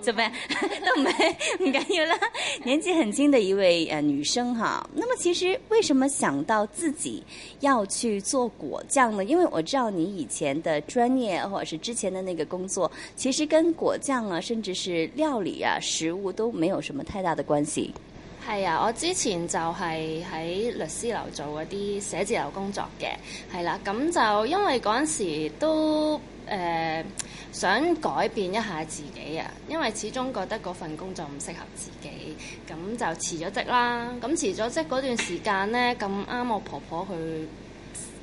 怎咩？ 準備 都唔係唔緊要啦？ 有 年紀很輕的一位誒、呃、女生哈，那麼其實為什麼想到自己要去做果醬呢？因為我知道你以前的專業或者是之前的那個工作，其實跟果醬啊，甚至是料理啊，食物都沒有什麼太大的關係。係啊，我之前就係喺律師樓做一啲寫字樓工作嘅，係啦、啊，咁就因為嗰陣時都。誒、呃、想改變一下自己啊，因為始終覺得嗰份工作唔適合自己，咁就辭咗職啦。咁辭咗職嗰段時間呢，咁啱我婆婆佢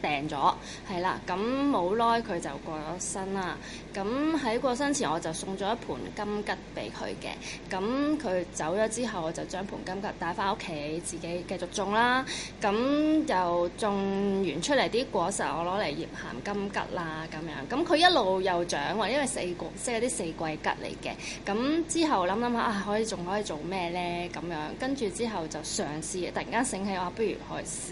病咗，係啦，咁冇耐佢就過咗身啦。咁喺過身前，我就送咗一盆金桔俾佢嘅。咁佢走咗之後，我就將盆金桔帶翻屋企，自己繼續種啦。咁又種完出嚟啲果實，我攞嚟醃鹹金桔啦。咁樣，咁佢一路又長，因為四季即係啲四季桔嚟嘅。咁之後諗諗下，啊可以仲可以做咩呢？咁樣，跟住之後就嘗試，突然間醒起我話，不如去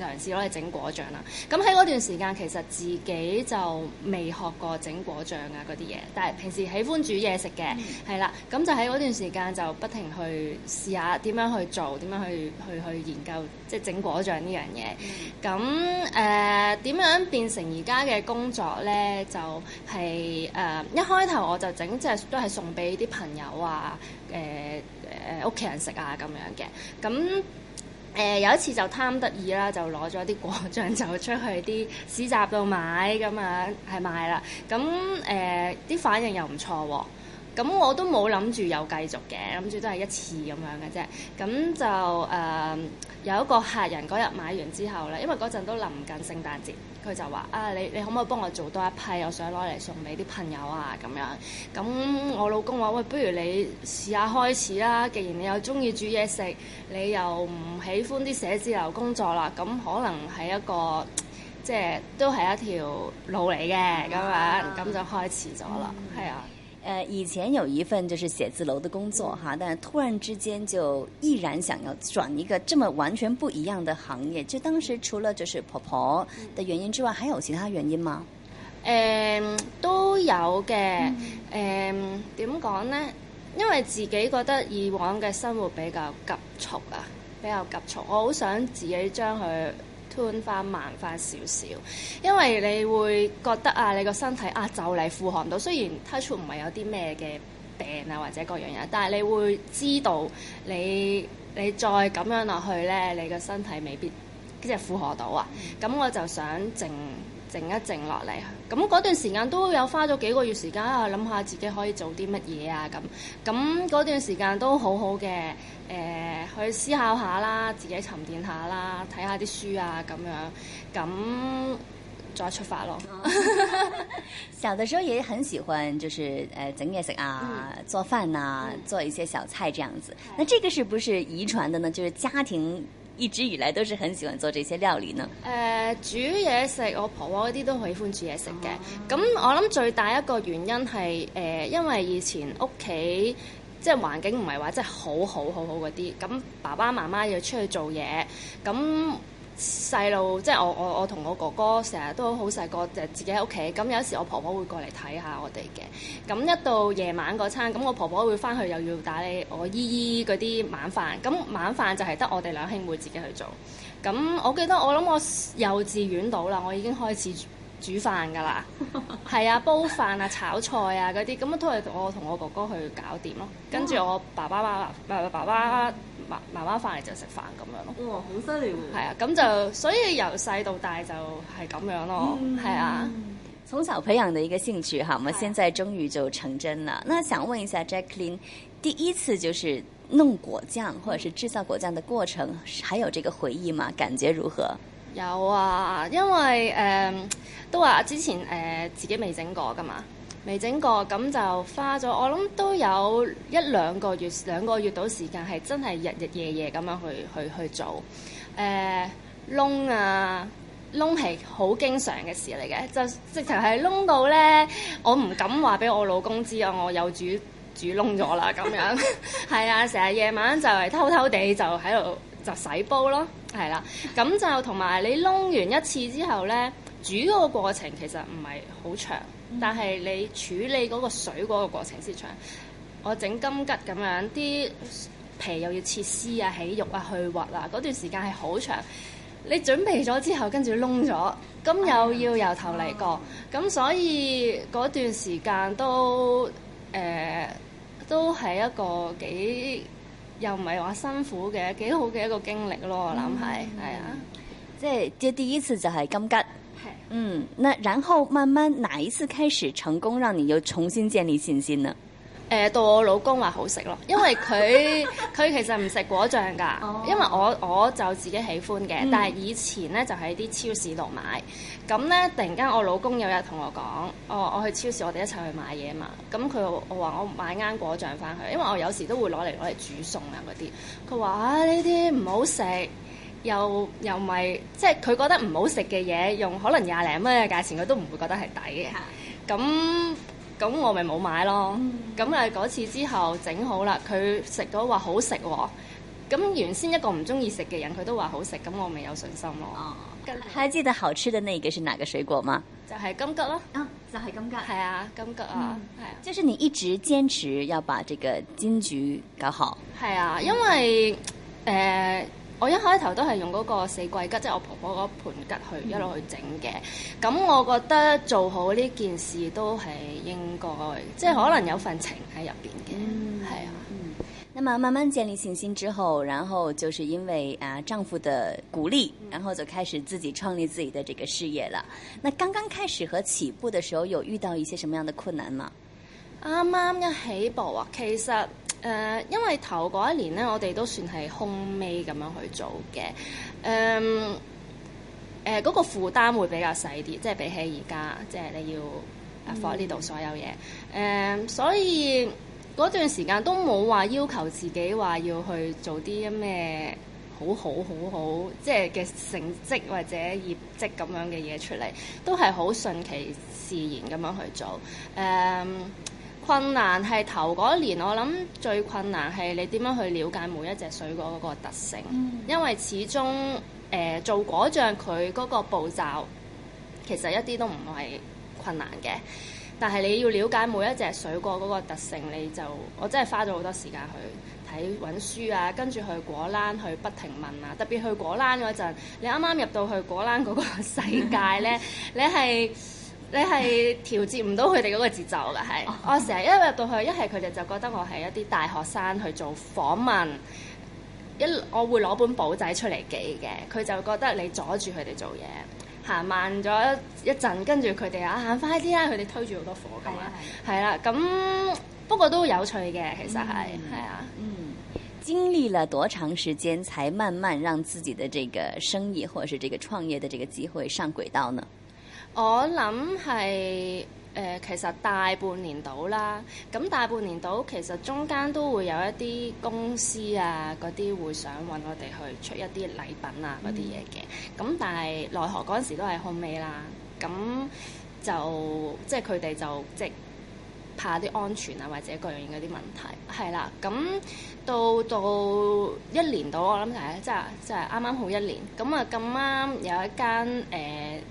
嘗試攞嚟整果醬啦。咁喺嗰段時間，其實自己就未學過整果醬啊嗰啲嘢。但係平時喜歡煮嘢食嘅，係啦、mm，咁、hmm. 就喺嗰段時間就不停去試下點樣去做，點樣去去去研究即係整果醬呢樣嘢。咁誒點樣變成而家嘅工作咧？就係、是、誒、呃、一開頭我就整，即、就、係、是、都係送俾啲朋友啊，誒誒屋企人食啊咁樣嘅，咁。誒、呃、有一次就貪得意啦，就攞咗啲果醬就出去啲市集度買咁樣，係賣啦。咁誒啲反應又唔錯喎。咁我都冇諗住有繼續嘅，諗住都係一次咁樣嘅啫。咁就誒、呃、有一個客人嗰日買完之後咧，因為嗰陣都臨近聖誕節，佢就話：啊，你你可唔可以幫我做多一批？我想攞嚟送俾啲朋友啊咁樣。咁我老公話：喂，不如你試下開始啦。既然你又鍾意煮嘢食，你又唔喜歡啲寫字樓工作啦，咁可能係一個即係都係一條路嚟嘅咁樣。咁、啊、就開始咗啦。係、嗯、啊。以前有一份就是寫字樓的工作哈，但突然之間就毅然想要轉一個這麼完全不一樣的行業。就當時除了就是婆婆的原因之外，還有其他原因嗎？嗯、都有嘅。誒、嗯，點講呢？因為自己覺得以往嘅生活比較急促啊，比較急促，我好想自己將佢，吞翻慢翻少少，因為你會覺得啊，你個身體啊就嚟負荷到。雖然 touch 唔係有啲咩嘅病啊，或者各樣嘢，但係你會知道你你再咁樣落去呢，你個身體未必。即係負荷到啊！咁我就想靜靜一靜落嚟，咁嗰段時間都有花咗幾個月時間啊，諗下自己可以做啲乜嘢啊咁。咁嗰段時間都好好嘅，誒去思考下啦，自己沉澱下啦，睇下啲書啊咁樣，咁再出發咯。小的時候也很喜歡，就是誒整嘢食啊，做飯啊，做一些小菜這樣子。那這個是不是遺傳的呢？就是家庭。一直以來都是很喜歡做這些料理呢。呃、煮嘢食，我婆婆嗰啲都喜歡煮嘢食嘅。咁我諗最大一個原因係誒、呃，因為以前屋企即係環境唔係話即係好好，好好好好嗰啲。咁爸爸媽媽要出去做嘢，咁。細路即係我我我同我哥哥成日都好細個，就自己喺屋企。咁有時我婆婆會過嚟睇下我哋嘅。咁一到夜晚嗰餐，咁我婆婆會返去又要打理我姨姨嗰啲晚飯。咁晚飯就係得我哋兩兄妹自己去做。咁我記得我諗我幼稚園到啦，我已經開始。煮飯噶啦，係啊，煲飯啊，炒菜啊嗰啲，咁我都係我同我哥哥去搞掂咯。跟住我爸爸媽媽唔，爸爸媽媽翻嚟就食飯咁樣咯。哇， 好犀利喎！係 啊樂，咁就所以由細到大就係咁樣咯，係、嗯、啊。從小培養的一個興趣，哈，我啊，現在終於就成真啦。那想問一下 Jacqueline，第一次就是弄果醬或者是製造果醬的過程，還有這個回憶嗎？感覺如何？ 有啊，因為誒。呃都話之前誒、呃、自己未整過㗎嘛，未整過咁就花咗我諗都有一兩個月兩個月到時間，係真係日日夜夜咁樣去去去做誒燶、呃、啊燶係好經常嘅事嚟嘅，就直頭係燶到咧，我唔敢話俾我老公知啊，我有煮煮燶咗啦咁樣係 啊，成日夜晚就係偷偷地就喺度就洗煲咯，係啦、啊，咁就同埋你燶完一次之後咧。煮嗰個過程其實唔係好長，嗯、但係你處理嗰個水嗰個過程先長。我整金桔咁樣，啲皮又要切絲啊、起肉啊、去核啊，嗰段時間係好長。你準備咗之後，跟住燶咗，咁、嗯、又要由頭嚟過，咁、啊、所以嗰段時間都誒、呃、都係一個幾又唔係話辛苦嘅幾好嘅一個經歷咯，我諗係係啊，即係即係第一次就係金桔。係，嗯，那然後慢慢，哪一次開始成功，讓你又重新建立信心呢？誒、呃，到我老公話好食咯，因為佢佢 其實唔食果醬噶，oh. 因為我我就自己喜歡嘅，嗯、但係以前咧就喺啲超市度買，咁咧突然間我老公有日同我講，我、哦、我去超市，我哋一齊去買嘢嘛，咁佢我話我買啱果醬翻去，因為我有時都會攞嚟攞嚟煮餸啊嗰啲，佢話呢啲唔好食。又又唔係，即係佢覺得唔好食嘅嘢，用可能廿零蚊嘅價錢，佢都唔會覺得係抵嘅。咁咁我咪冇買咯。咁啊嗰次之後整好啦，佢食到話好食喎。咁原先一個唔中意食嘅人，佢都話好食，咁我咪有信心咯。哦，記得。還記得好吃的那個是哪個水果嗎？就係金桔咯。啊，就係金桔。係啊，金桔啊，係啊。就是你一直堅持要把這個金桔搞好。係啊，因為誒。我一開頭都係用嗰個四季桔，即係我婆婆嗰盤桔、桔去一路去整嘅。咁、嗯、我覺得做好呢件事都係應該，即係可能有份情喺入邊嘅，係、嗯、啊。嗯。慢慢建立信心之後，然後就是因為誒、啊、丈夫的鼓勵，然後就開始自己創立自己的這個事業啦。那剛剛開始和起步的時候，有遇到一些什麼樣的困難嗎？啱啱一起步啊，其實。誒，uh, 因為頭嗰一年咧，我哋都算係空尾咁樣去做嘅。誒、uh, 呃，誒、那、嗰個負擔會比較細啲，即係比起而家，即係你要放喺呢度所有嘢。誒、嗯，uh, 所以嗰段時間都冇話要求自己話要去做啲咩好好好好，即係嘅成績或者業績咁樣嘅嘢出嚟，都係好順其自然咁樣去做。誒、uh,。困難係頭嗰年，我諗最困難係你點樣去了解每一隻水果嗰個特性，嗯、因為始終誒、呃、做果醬佢嗰個步驟其實一啲都唔係困難嘅，但係你要了解每一隻水果嗰個特性，你就我真係花咗好多時間去睇揾書啊，跟住去果欄去不停問啊，特別去果欄嗰陣，你啱啱入到去果欄嗰個世界呢， 你係。你係調節唔到佢哋嗰個節奏嘅，係、oh, okay. 我成日一入到去，一係佢哋就覺得我係一啲大學生去做訪問，一我會攞本簿仔出嚟記嘅，佢就覺得你阻住佢哋做嘢，行慢咗一陣，跟住佢哋啊行快啲啦，佢哋推住好多貨咁啊，係啦的，咁的不過都有趣嘅，其實係係啊，嗯，的嗯，經歷了多長時間才慢慢讓自己的這個生意或者是這個創業的這個機會上軌道呢？我諗係誒，其實大半年到啦。咁大半年到，其實中間都會有一啲公司啊，嗰啲會想搵我哋去出一啲禮品啊，嗰啲嘢嘅。咁、嗯、但係奈何嗰陣時都係空尾啦。咁就即係佢哋就即係怕啲安全啊，或者各樣嗰啲問題係啦。咁到到一年到，我諗係即係即係啱啱好一年。咁啊咁啱有一間誒。呃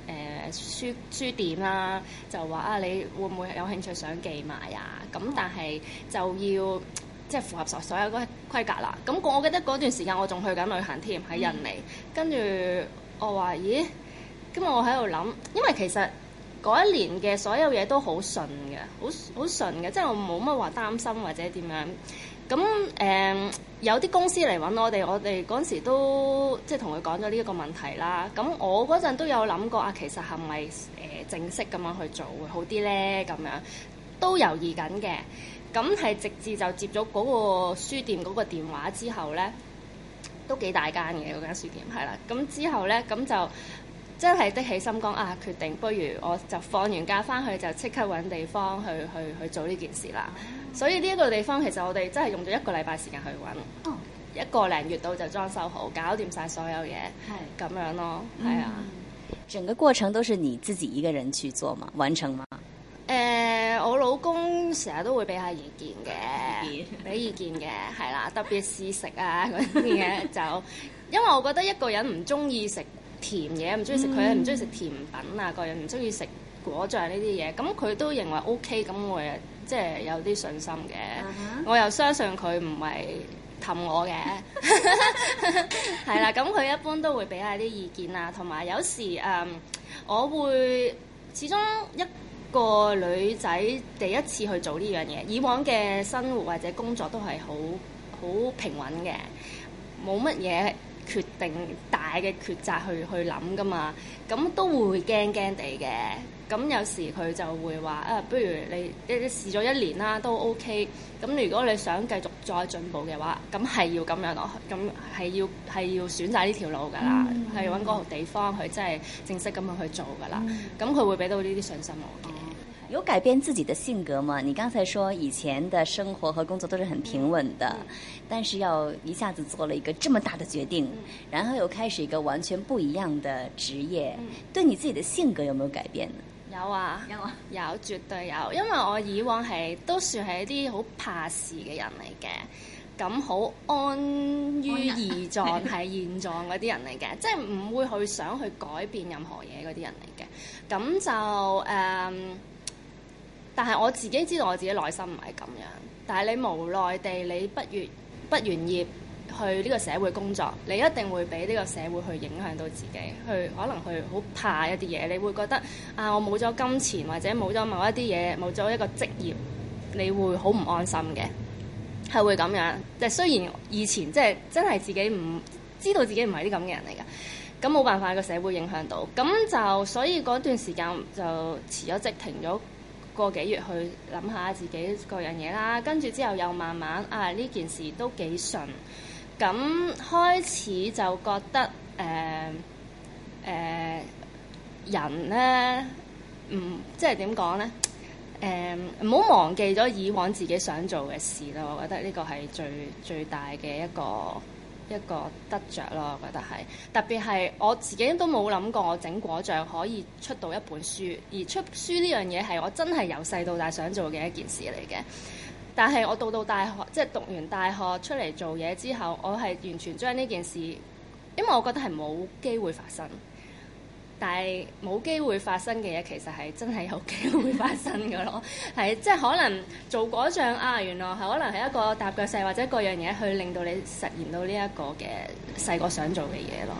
誒書，書店啦、啊，就話啊，你會唔會有興趣想寄賣啊？咁但係就要即係、就是、符合所所有嗰個規格啦。咁我記得嗰段時間我仲去緊旅行添，喺印尼。跟住、嗯、我話咦，今日我喺度諗，因為其實嗰一年嘅所有嘢都好順嘅，好好順嘅，即、就、係、是、我冇乜話擔心或者點樣。咁誒、嗯、有啲公司嚟揾我哋，我哋嗰陣時都即係同佢講咗呢一個問題啦。咁我嗰陣都有諗過啊，其實係咪誒正式咁樣去做會好啲咧？咁樣都猶豫緊嘅。咁係直至就接咗嗰個書店嗰個電話之後咧，都幾大間嘅嗰間書店，係啦。咁之後咧，咁就。真係的，的起心肝啊！決定不如我就放完假翻去就即刻揾地方去去去做呢件事啦。Oh. 所以呢一個地方其實我哋真係用咗一個禮拜時間去揾，oh. 一個零月度就裝修好，搞掂晒所有嘢，咁、oh. 樣咯，係、mm hmm. 啊。整個過程都係你自己一個人去做嘛，完成嗎？誒、呃，我老公成日都會俾下意見嘅，俾 意見嘅，係啦、啊，特別試食啊嗰啲嘢，就因為我覺得一個人唔中意食。甜嘢唔中意食佢，唔中意食甜品啊！個人唔中意食果醬呢啲嘢，咁佢都認為 OK，咁我即係有啲信心嘅。Uh huh. 我又相信佢唔係氹我嘅，係啦。 咁佢一般都會俾下啲意見啊，同埋有，有時誒、嗯，我會始終一個女仔第一次去做呢樣嘢，以往嘅生活或者工作都係好好平穩嘅，冇乜嘢。決定大嘅抉擇去去諗㗎嘛，咁都會驚驚地嘅。咁有時佢就會話：啊，不如你一一試咗一年啦，都 OK。咁如果你想繼續再進步嘅話，咁係要咁樣咯，咁係要係要選擇呢條路㗎啦，係搵嗰個地方去真係、嗯、正式咁樣去做㗎啦。咁佢、嗯嗯、會俾到呢啲信心我。嗯有改變自己的性格嗎？你剛才說以前的生活和工作都是很平穩的，嗯嗯、但是要一下子做了一個這麼大的決定，嗯、然後又開始一個完全不一樣的職業，嗯、對你自己的性格有沒有改變呢？有啊，有啊，有，絕對有，因為我以往係都算係一啲好怕事嘅人嚟嘅，咁、嗯、好安於狀狀現狀係現狀嗰啲人嚟嘅，即係唔會去想去改變任何嘢嗰啲人嚟嘅，咁就誒。嗯但係我自己知道，我自己內心唔係咁樣。但係你無奈地你不，你畢完畢完業去呢個社會工作，你一定會俾呢個社會去影響到自己，去可能去好怕一啲嘢。你會覺得啊，我冇咗金錢或者冇咗某一啲嘢，冇咗一個職業，你會好唔安心嘅，係會咁樣。即係雖然以前即係真係自己唔知道自己唔係啲咁嘅人嚟㗎，咁冇辦法，個社會影響到咁，就所以嗰段時間就辭咗職，停咗。個幾月去諗下自己各樣嘢啦，跟住之後又慢慢啊呢件事都幾順，咁、嗯、開始就覺得誒誒、呃呃、人呢，唔、嗯、即係點講呢？誒唔好忘記咗以往自己想做嘅事啦，我覺得呢個係最最大嘅一個。一個得着咯，我覺得係特別係我自己都冇諗過，我整果醬可以出到一本書，而出書呢樣嘢係我真係由細到大想做嘅一件事嚟嘅。但係我到到大學，即係讀完大學出嚟做嘢之後，我係完全將呢件事，因為我覺得係冇機會發生。但係冇機會發生嘅嘢，其實係真係有機會發生嘅咯。係， 即係可能做果醬啊，原來係可能係一個搭腳石或者各樣嘢去令到你實現到呢一個嘅細個想做嘅嘢咯。